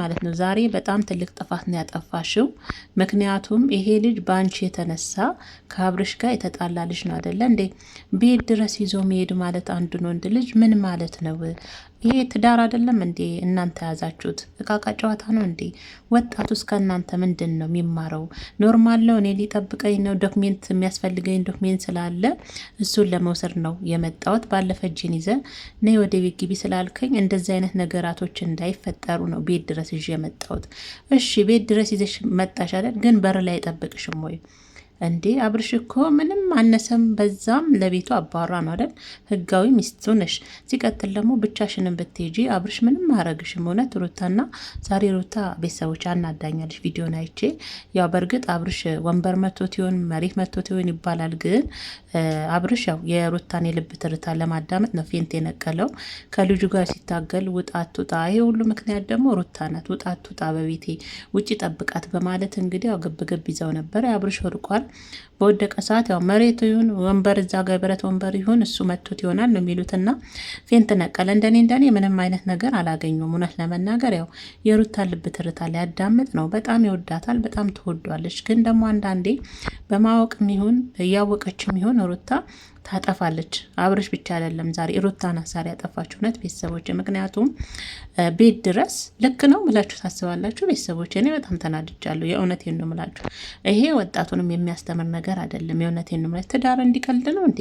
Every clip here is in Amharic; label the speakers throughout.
Speaker 1: ማለት ነው። ዛሬ በጣም ትልቅ ጥፋት ነው ያጠፋሽው። ምክንያቱም ይሄ ልጅ በአንቺ የተነሳ ከአብርሽ ጋር የተጣላ ልጅ ነው አደለ እንዴ? ቤት ድረስ ይዞ መሄድ ማለት አንዱን ወንድ ልጅ ምን ማለት ነው? ይሄ ትዳር አይደለም እንዴ? እናንተ ያዛችሁት እቃቃ ጨዋታ ነው እንዴ? ወጣቱስ እስከእናንተ ምንድን ነው የሚማረው? ኖርማል ነው። እኔ ሊጠብቀኝ ነው ዶክሜንት የሚያስፈልገኝ ዶክሜንት ስላለ እሱን ለመውሰድ ነው የመጣሁት። ባለፈ እጅን ይዘ ነይ ወደ ቤት ግቢ ስላልከኝ እንደዚህ አይነት ነገራቶች እንዳይፈጠሩ ነው ቤት ድረስ ይዤ የመጣሁት። እሺ ቤት ድረስ ይዘሽ መጣሽ አይደል? ግን በር ላይ አይጠብቅሽም ወይ? እንዴ አብርሽ እኮ ምንም አነሰም በዛም ለቤቱ አባራ ነው አይደል? ህጋዊ ሚስቱ ነሽ። ሲቀጥል ደግሞ ብቻሽንም ብትሄጂ አብርሽ ምንም አረግሽም። እውነት ሩታና ዛሬ ሩታ ቤተሰቦች አናዳኛለች። ቪዲዮ ናይቼ ያው በእርግጥ አብርሽ ወንበር መቶት ይሆን መሬት መቶት ይሆን ይባላል። ግን አብርሽ ያው የሩታን የልብ ትርታ ለማዳመጥ ነው ፌንት የነቀለው። ከልጁ ጋር ሲታገል ውጣት ቱጣ፣ ይሄ ሁሉ ምክንያት ደግሞ ሩታ ናት። ውጣት ቱጣ፣ በቤቴ ውጭ ጠብቃት በማለት እንግዲህ ያው ግብግብ ይዘው ነበር። አብርሽ ወርቋል። ይሆናል። በወደቀ ሰዓት ያው መሬቱ ይሁን ወንበር እዛ ጋ ብረት ወንበር ይሁን እሱ መቶት ይሆናል ነው የሚሉትና ፌንት ነቀለ። እንደኔ እንደኔ ምንም አይነት ነገር አላገኙም። እውነት ለመናገር ያው የሩታ ልብ ትርታ ሊያዳምጥ ነው። በጣም ይወዳታል፣ በጣም ትወዷለች። ግን ደግሞ አንዳንዴ በማወቅም ይሁን እያወቀችም ይሁን ሩታ ታጠፋለች። አብረሽ ብቻ አይደለም ዛሬ ሩታና ዛሬ ያጠፋችሁ ነት ቤተሰቦች፣ ምክንያቱም ቤት ድረስ ልክ ነው ብላችሁ ታስባላችሁ ቤተሰቦች። እኔ በጣም ተናድጃለሁ። የእውነቴን ነው የምላችሁ። ይሄ ወጣቱንም የሚያስተምር ነገር አይደለም። የእውነቴን ነው የምላችሁ። ትዳር እንዲቀልድ ነው እንዴ?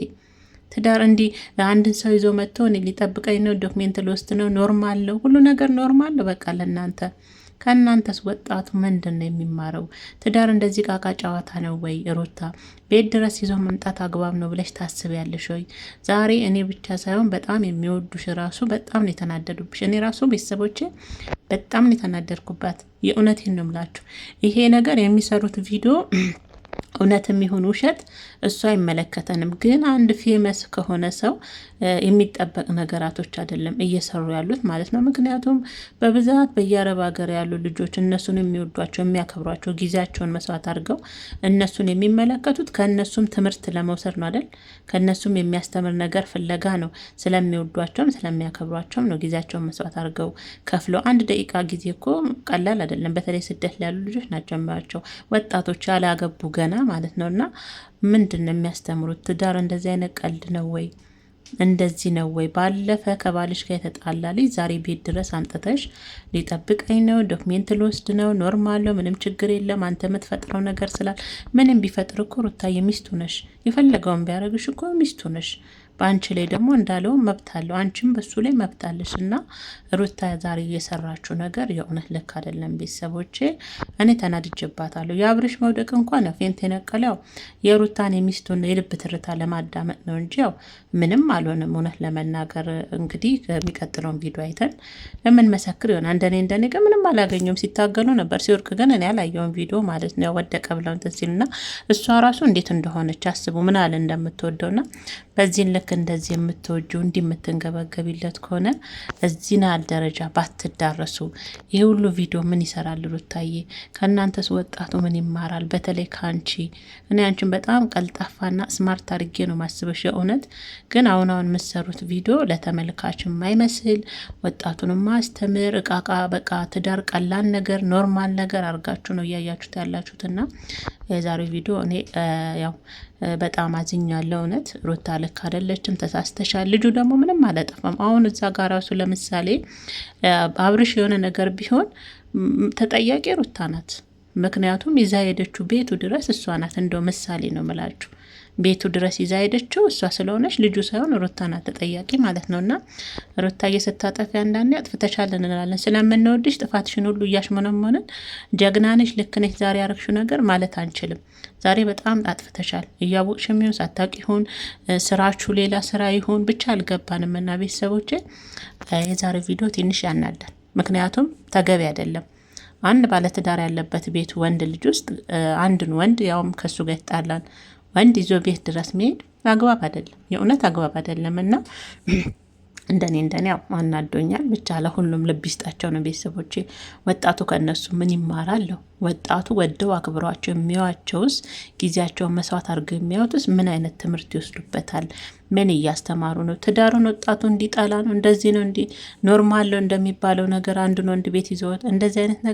Speaker 1: ትዳር እንዲህ አንድን ሰው ይዞ መጥቶ እኔ ሊጠብቀኝ ነው ዶክሜንት ልወስድ ነው ኖርማል ነው ሁሉ ነገር ኖርማል ነው በቃ ለእናንተ ከእናንተስ ወጣቱ ምንድን ነው የሚማረው? ትዳር እንደዚህ ቃቃ ጨዋታ ነው ወይ? ሩታ ቤት ድረስ ይዞ መምጣት አግባብ ነው ብለሽ ታስቢያለሽ ወይ? ዛሬ እኔ ብቻ ሳይሆን በጣም የሚወዱሽ ራሱ በጣም ነው የተናደዱብሽ። እኔ ራሱ ቤተሰቦቼ በጣም ነው የተናደድኩባት። የእውነቴን ነው የምላችሁ። ይሄ ነገር የሚሰሩት ቪዲዮ እውነት የሚሆን ውሸት እሱ አይመለከተንም። ግን አንድ ፌመስ ከሆነ ሰው የሚጠበቅ ነገራቶች አይደለም እየሰሩ ያሉት ማለት ነው። ምክንያቱም በብዛት በየአረብ ሀገር ያሉ ልጆች እነሱን የሚወዷቸው የሚያከብሯቸው፣ ጊዜያቸውን መስዋዕት አድርገው እነሱን የሚመለከቱት ከእነሱም ትምህርት ለመውሰድ ነው አይደል? ከእነሱም የሚያስተምር ነገር ፍለጋ ነው። ስለሚወዷቸውም ስለሚያከብሯቸውም ነው ጊዜያቸውን መስዋዕት አድርገው ከፍለው። አንድ ደቂቃ ጊዜ እኮ ቀላል አይደለም። በተለይ ስደት ላይ ልጆች ናቸው ወጣቶች ያላገቡ ገና ማለት ነው። እና ምንድን ነው የሚያስተምሩት? ትዳር እንደዚህ አይነት ቀልድ ነው ወይ? እንደዚህ ነው ወይ? ባለፈ ከባልሽ ጋር የተጣላ ልጅ ዛሬ ቤት ድረስ አምጥተሽ ሊጠብቀኝ ነው፣ ዶክሜንት ልወስድ ነው፣ ኖርማል ነው፣ ምንም ችግር የለም። አንተ የምትፈጥረው ነገር ስላል ምንም ቢፈጥር እኮ ሩታ የሚስቱ ነሽ። የፈለገውን ቢያደርግሽ እኮ ሚስቱ ነሽ። በአንቺ ላይ ደግሞ እንዳለው መብት አለው፣ አንቺም በሱ ላይ መብት አለሽ እና ሩታ ዛሬ እየሰራችው ነገር የእውነት ልክ አይደለም። ቤተሰቦቼ እኔ ተናድጄባታለሁ። የአብርሽ መውደቅ እንኳን ፌንት የነቀለው የሩታን የሚስቱን የልብ ትርታ ለማዳመጥ ነው እንጂ ያው ምንም አልሆንም። እውነት ለመናገር እንግዲህ የሚቀጥለውን ቪዲዮ አይተን የምንመሰክር ይሆናል። እንደኔ እንደኔ ግን ምንም አላገኘውም። ሲታገሉ ነበር፣ ሲወርቅ ግን እኔ ያላየውን ቪዲዮ ማለት ነው። ወደቀ ብለው እንትን ሲል እና እሷ ራሱ እንዴት እንደሆነች አስቡ፣ ምን አለ እንደምትወደውና በዚህን ልክ እንደዚህ የምትወጁ እንዲምትንገበገቢለት ከሆነ እዚህን ናል ደረጃ ባትዳረሱ ይህ ሁሉ ቪዲዮ ምን ይሰራል? ሩታዬ ከእናንተስ ወጣቱ ምን ይማራል? በተለይ ከአንቺ እኔ አንቺን በጣም ቀልጣፋና ስማርት አድርጌ ነው ማስበሽ። እውነት ግን አሁን አሁን የምትሰሩት ቪዲዮ ለተመልካች የማይመስል ወጣቱን ማስተምር እቃቃ በቃ ትዳር ቀላል ነገር ኖርማል ነገር አድርጋችሁ ነው እያያችሁት ያላችሁትና የዛሬው ቪዲዮ እኔ ያው በጣም አዝኛለሁ። እውነት ሩታ ልክ አይደለችም፣ ተሳስተሻል። ልጁ ደግሞ ምንም አላጠፋም። አሁን እዛ ጋር ራሱ ለምሳሌ አብርሽ የሆነ ነገር ቢሆን ተጠያቂ ሩታ ናት። ምክንያቱም ይዛ ሄደችው ቤቱ ድረስ እሷ ናት። እንደው ምሳሌ ነው ምላችሁ ቤቱ ድረስ ይዛ ሄደችው እሷ ስለሆነች ልጁ ሳይሆን ሩታ ናት ተጠያቂ ማለት ነው። እና ሩታዬ ስታጠፊ አንዳንዴ አጥፍተሻል እንላለን ስለምንወድሽ ጥፋትሽን ሁሉ እያሽመነመንን ጀግና ነሽ፣ ልክ ነሽ፣ ዛሬ ያረግሽው ነገር ማለት አንችልም። ዛሬ በጣም አጥፍተሻል። እያወቅሽ የሚሆን ሳታውቂ ይሁን ስራችሁ ሌላ ስራ ይሁን ብቻ አልገባንም። እና ቤተሰቦቼ የዛሬ ቪዲዮ ትንሽ ያናዳል፣ ምክንያቱም ተገቢ አይደለም። አንድ ባለትዳር ያለበት ቤት ወንድ ልጅ ውስጥ አንድን ወንድ ያውም ከሱ ጋር ይጣላል ወንድ ይዞ ቤት ድረስ መሄድ አግባብ አይደለም። የእውነት አግባብ አይደለም እና እንደኔ እንደኔ ያው አናዶኛል። ብቻ ለሁሉም ልብ ይስጣቸው ነው ቤተሰቦች። ወጣቱ ከእነሱ ምን ይማራለሁ? ወጣቱ ወደው አክብሯቸው የሚያዋቸውስ ጊዜያቸውን መስዋዕት አድርገው የሚያወጡስ ምን አይነት ትምህርት ይወስዱበታል? ምን እያስተማሩ ነው? ትዳሩን ወጣቱ እንዲጠላ ነው? እንደዚህ ነው እንዲ ኖርማል እንደሚባለው ነገር አንድን ወንድ ቤት ይዘወት እንደዚህ አይነት ነገር